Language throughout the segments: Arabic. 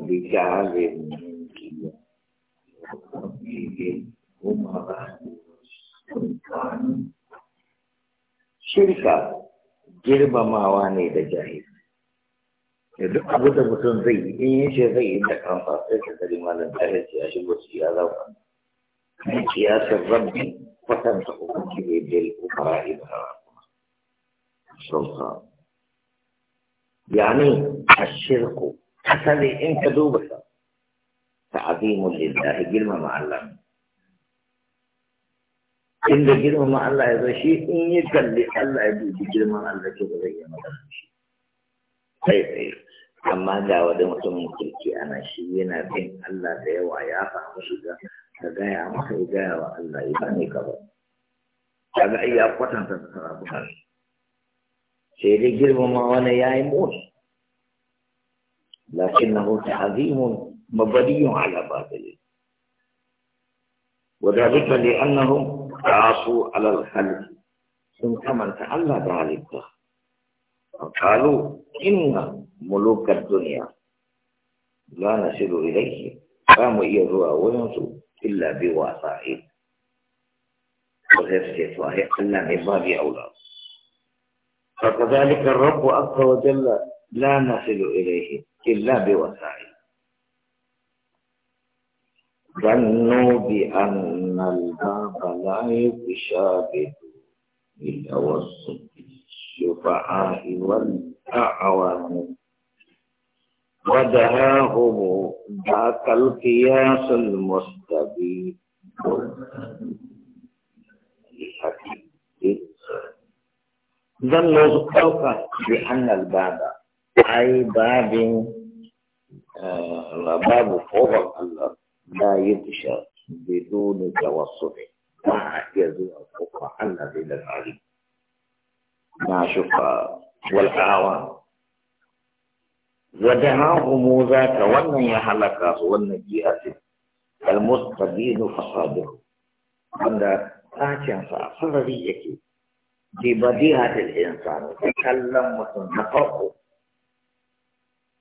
بجعل منك وقبله أمراء سلطان شركة girmamawa ne da jahil da duk abu da mutum zai yi in yi ce zai yi da kansa sai ka gari malam tare ce ya shigo su ya zauka kai ce ya sarrafi kwatanta hukunci ne da al'umara ibrahim sultan yani ashirku اصلي انت دوبك تعظيم لله جلما ما علم ان جلما ما الله هذا شيء ان يكن الله يبي جلما ما الله كذا شيء طيب أما دعوة مطمئن تركي أنا شيئنا بين الله ديوة ياقع وشيئا فقايا مخي قايا الله يباني كبير فقايا قطن تتصرف بها سيدي جربوا ما وانا يا موسى لكنه تعظيم مبني على باطل وذلك لأنهم عاصوا على الخلق ثم من تعلى ذلك وقالوا إن ملوك الدنيا لا نصل إليه قاموا يدعوا ونصوا إلا بواسائل وغير استطاعه إلا من باب أولاد فكذلك الرب عز وجل لا نصل إليه إلا بوسائل ظنوا بأن الباب لا يشابه بتوسط الشفعاء والأعوان ودهاهم ذاك القياس المستبيد ظنوا بأن الباب أي باب آه، باب فضل الله لا ينتشر بدون توصف مع يزوء الفقهاء الذي ذي العلم مع شفاء والعوام ودعاه موزا كون يهلك ون جيئت المستدين فصابر عند آتيان صلى الله عليه في بديهة الإنسان تكلم وتنفقه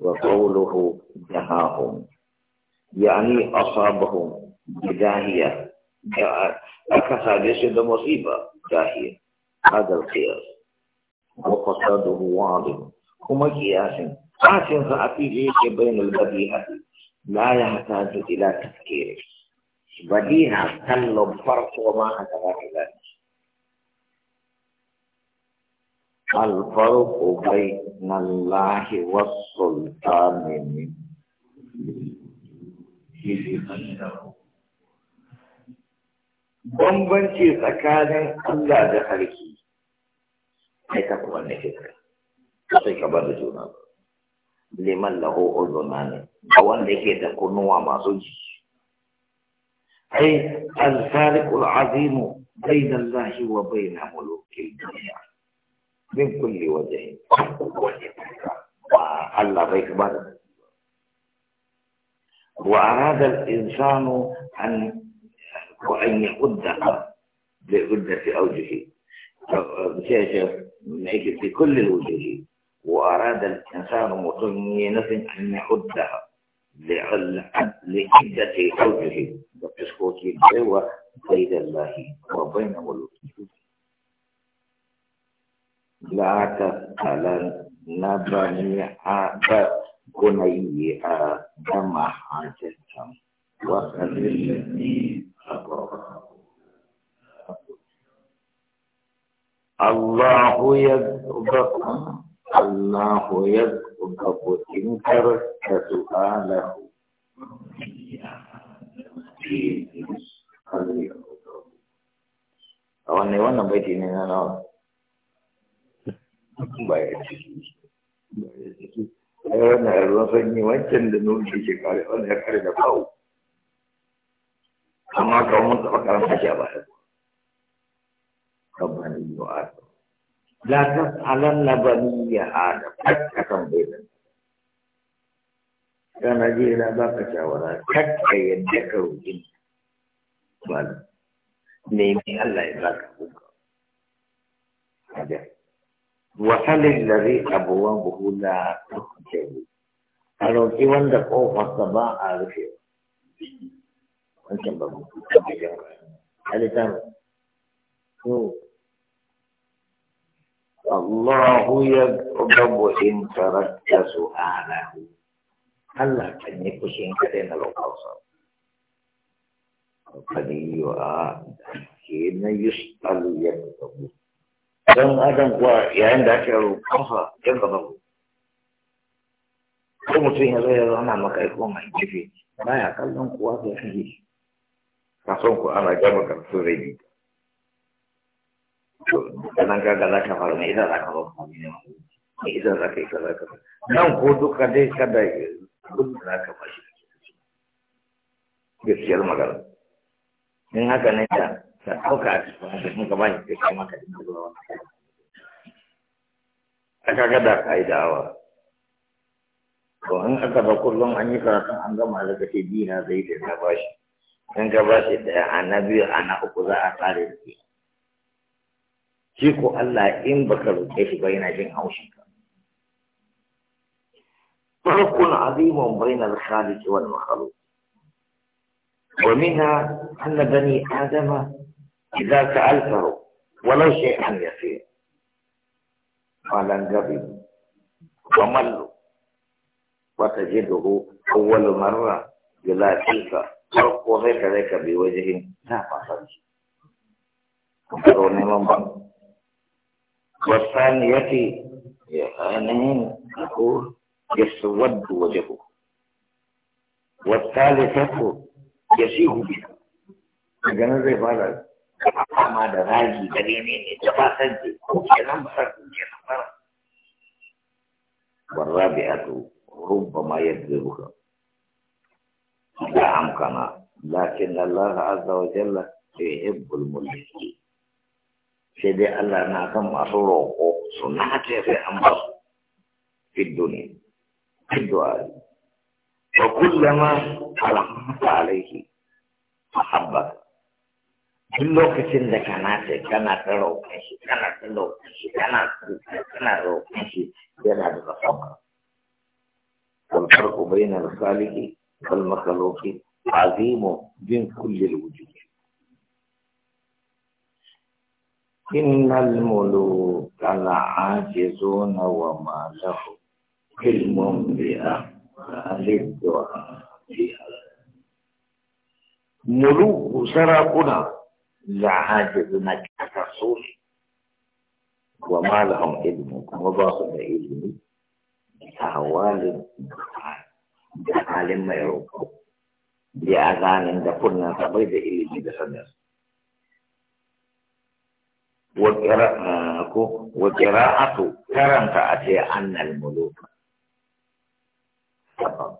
وقوله دهاهم يعني أصابهم بداهية أكثر جسد مصيبة داهية هذا القياس وقصده واضح هما قياس قاس فأتي بين البديهة لا يحتاج إلى تفكير بديهة تلو فرق وما حتى الفرق بين الله والسلطان من بمبنشي سكاني الله دخلكي حيث أقول لك أعطيك بعد جونا لمن له أذنان أو لكي لك تكون وما زوجي أي الفارق العظيم بين الله وبين ملوك الدنيا من كل وجه وحل بيت وأراد الإنسان أن وأن يعدها بعدة أوجه في كل الوجوه وأراد الإنسان مطمئنة أن يعدها لعدة أوجه وتسكوتي هو بين الله وبين ملوكه لا تسألن نبني آدم بني آدم حاجة وسل الذي الله يذبح الله يذبح إن تركت سؤاله أو أنا يوانا بيتي من الله baya ciki baya ciki ai sanyi wancan da nuna yake kare wannan ya kare da kawo amma kawo mun taɓa karanta shi a baya ربنا ابن آدم لا تسألن بني آدم حتى كم بيننا كان جيلا باقا شاورا حتى يدكروا جن بل نيمي الله يبارك فيك حاجة وصل الذي a لا تحجب أروكي وند قوفة سباء عارفه wancan ba halittar so Allahu ya gabu in tarakta su alahu Allah kan yi kushin kaɗai na lokausa kadi yi wa ke na yustalu ya gabu dan adam kuwa yayin da ake yan ko mutum ya zai zauna maka ikon mai ya kallon kuwa ya fiye kason ku ana gama karfin rai bi za ka idan za ka mai idan za ka dai kada za ka ka ɗauka a cikin hankali mun ka bani sai kai maka dinga zuwa wani aka gada ka yi da'awa to in aka ba kullum an yi karatun an gama da biyu na zai da na bashi in ka bashi ɗaya a na biyu a na uku za a tsare da ke shi ko Allah in baka roƙe shi ba yana jin haushin ka فرق عظيم بين الخالق والمخلوق ومنها أن بني آدم إذا سألته ولو شيئا يسير قال انقبل ومل وتجده أول مرة تلك وغير ذلك بوجه لا فصل وقالوا نعم والثانية عينين يقول يسود وجهه والثالثة يسيه بها جنازة فعلت kama kama da raji da ne da ba san ce ko kenan ba san ce na fara barra bi a to rubba ma yadda ruka ya amkana lakin Allah azza wa jalla ya hibbul sai dai Allah na san masu roƙo su na ta sai an ba su fi duniya fi du'a fa kullama alhamdulillah alaihi fa duk lokacin da kana ce kana ta roƙon shi kana ta roƙon shi kana kana roƙon shi yana da rafa والفرق بين الخالق والمخلوق عظيم من كل الوجود إن الملوك لعاجزون وما له علم بأهل الدعاء ملوك سرقنا يعاجزونك عن الرسول وما لهم علم وباطل علم أهوال عالم ما يروح بأذان قلنا تبيض إلي بسنة وقراءة وقراءة كرم تأتي أن الملوك سبب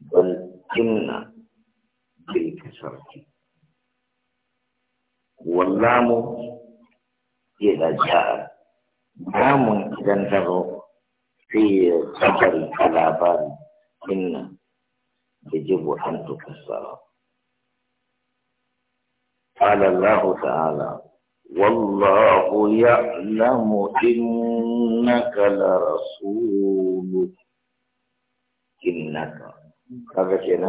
بل إن بالكسرة واللام إذا جاء لام إذا في خبر الكلابان إن يجب أن تكسر قال الله تعالى والله يعلم إنك لرسول إنك هذا شيء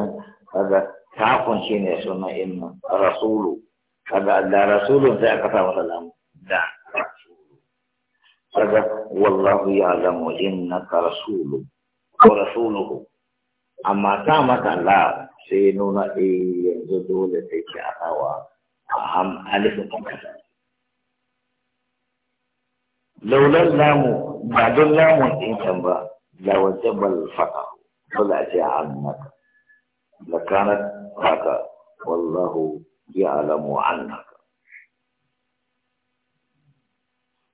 هذا تعقل شيء يسمى إن رسوله دا رسول دا قطع ولم دا رسول فذا والله يعلم إنك رسول ورسوله أما تامت الله سينونا إي زدولة إشارة وأهم ألف مكسر لولا اللام بعد اللام إن تنبا لوجب الفقه فلا عنك لكانت فقه والله يعلم عنك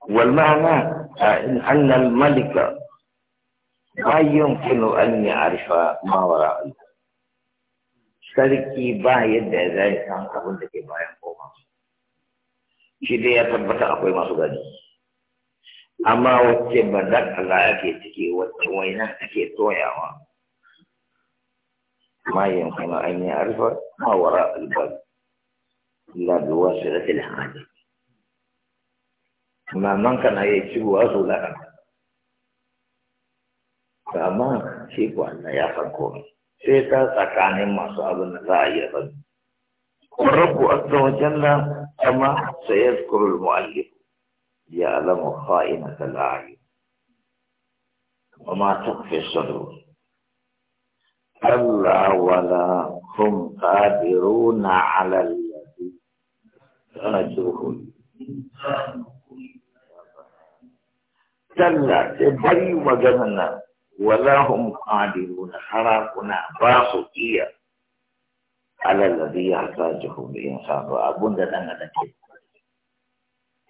والمعنى أن الملك لا يمكن أن يعرف ما وراء شركي با يد ذاي سان كون دكي با يقوم شدي يتبت أقوي ما سبادي أما وتبدك الله يكيتكي وتوينا تكيتويا ما يمكن أن يعرف ما وراء الباب لا بواسطة الحاجة ما من كان يجيب أنا فما شيء أن يفكر سيتا سكان ما صاب النزاع والرب عز وجل كما سيذكر المؤلف يعلم خائنة الأعين وما تخفي الصدور كلا ولا هم قادرون على راجوهم كلا تبري وجهنا ولا هم قادرون حراقنا باصوا على الذي يحتاجه الإنسان وأبون دانا لك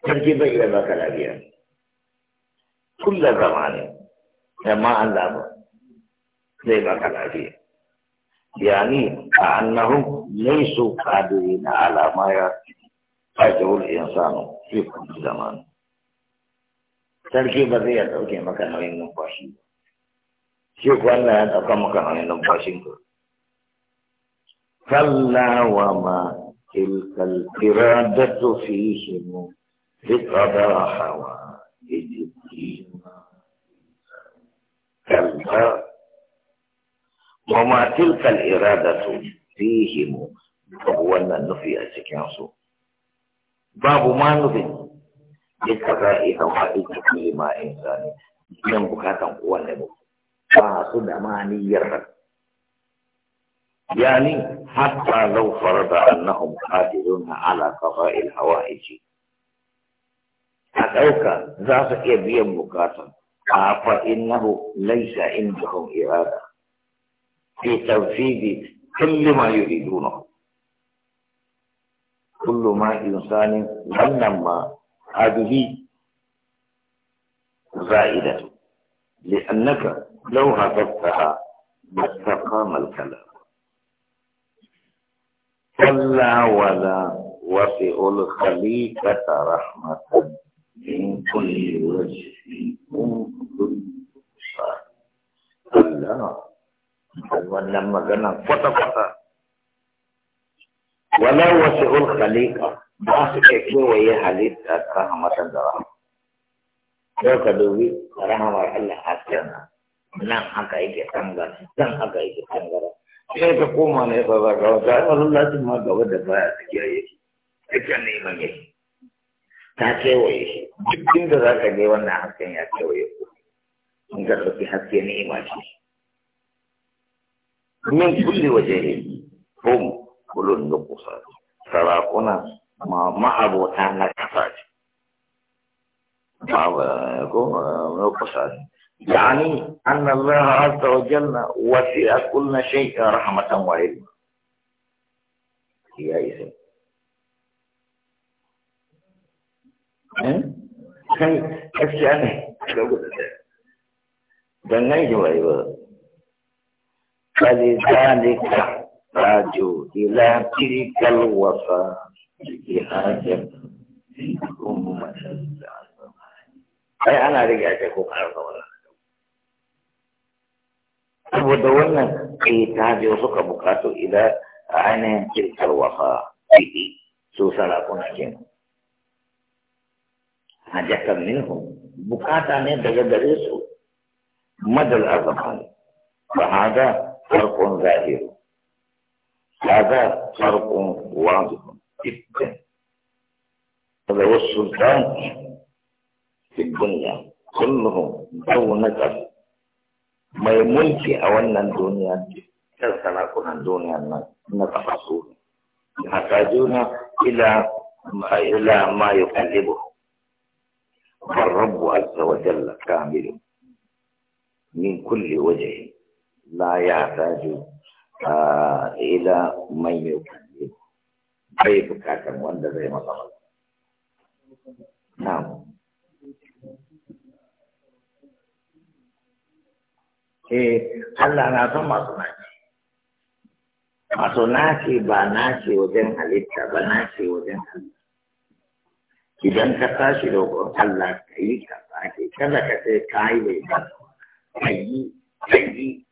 ترجب إلى ذاك الأبيان كل زمان كما علم زي ذاك الأبيان يعني أنهم ليسوا قادرين على ما حيث فاجعوا الإنسان في كل زمان تركيب هذه التركيب ما كان من نباشي شوفوا أن هذا ما كان من نباشي فلا وما تلك الإرادة فيهم بقضاء حوائج كلا وما تلك الإرادة فيهم فهو أن النفي أسكنسو babu eh, ah, ma nufin iska za a yi hawa ita kuli ma insani biyan bukatan kowanne mu ba su da ma niyyar يعني حتى لو فرض أنهم قادرون على قضاء الحوائج أتوك ذات إبيا مكاتا فإنه ليس عندهم إرادة في تنفيذ كل ما يريدونه كل ما إنسان ظنما هذه زائدة لأنك لو هدفتها ما استقام الكلام كلا ولا وسع الخليقة رحمة من كل وجه من كل صار كلا wannan magana kwata ولا وسع الخليقة ما فيكي ويا حليت أكره ما تدرى لو كدوبي رنا وحلا حسنا من أكاي كتنغر من أكاي كتنغر شيء تقوم عليه بابا كوزا والله تما كوزا دبا تكيا يجي إكاني مني تاكي ويا جبتين دبا تكيا ونا حسنا يكيا ويا من كتب حسنا إيماني من كل وجهه قوم kulun da kusa sarakuna ma ma'abota na kasa ce ba ko na kusa ne يعني أن الله عز وجل وسع كل شيء رحمة وعلم يا إسم ne. ano eh? Dangay di ba iba? ba. kali رجو إلى تلك الوفاة بهذا أمة أي أنا رجع تكوك على طول أبو دولنا قيت هذه وسوك بكاتو إلى عن تلك الوفاة بدي سوسر أكون أجن حاجة منهم بكاتا من دجا دريسو مدى الأرض خالي فهذا فرق ظاهر هذا فرق واضح جدا هذا هو السلطان في الدنيا كلهم دونة ما يملك أولا الدنيا كيف سنكون الدنيا نتفصول يحتاجون إلى ما إلى ما يقلبه فالرب عز وجل كامل من كل وجه لا يحتاج ila mai mai kalli bai bukatan wanda zai masa masa na'am eh Allah na san masu naci masu naci ba naci wajen halitta ba naci wajen halitta idan ka tashi da Allah ka yi ka sake kada ka sai ka yi bai ba ka yi ka yi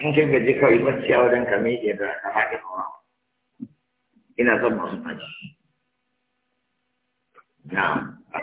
in ka gaji kawai bacci a wajen ka miƙe da kama faɗi kuma ina son masu faɗi na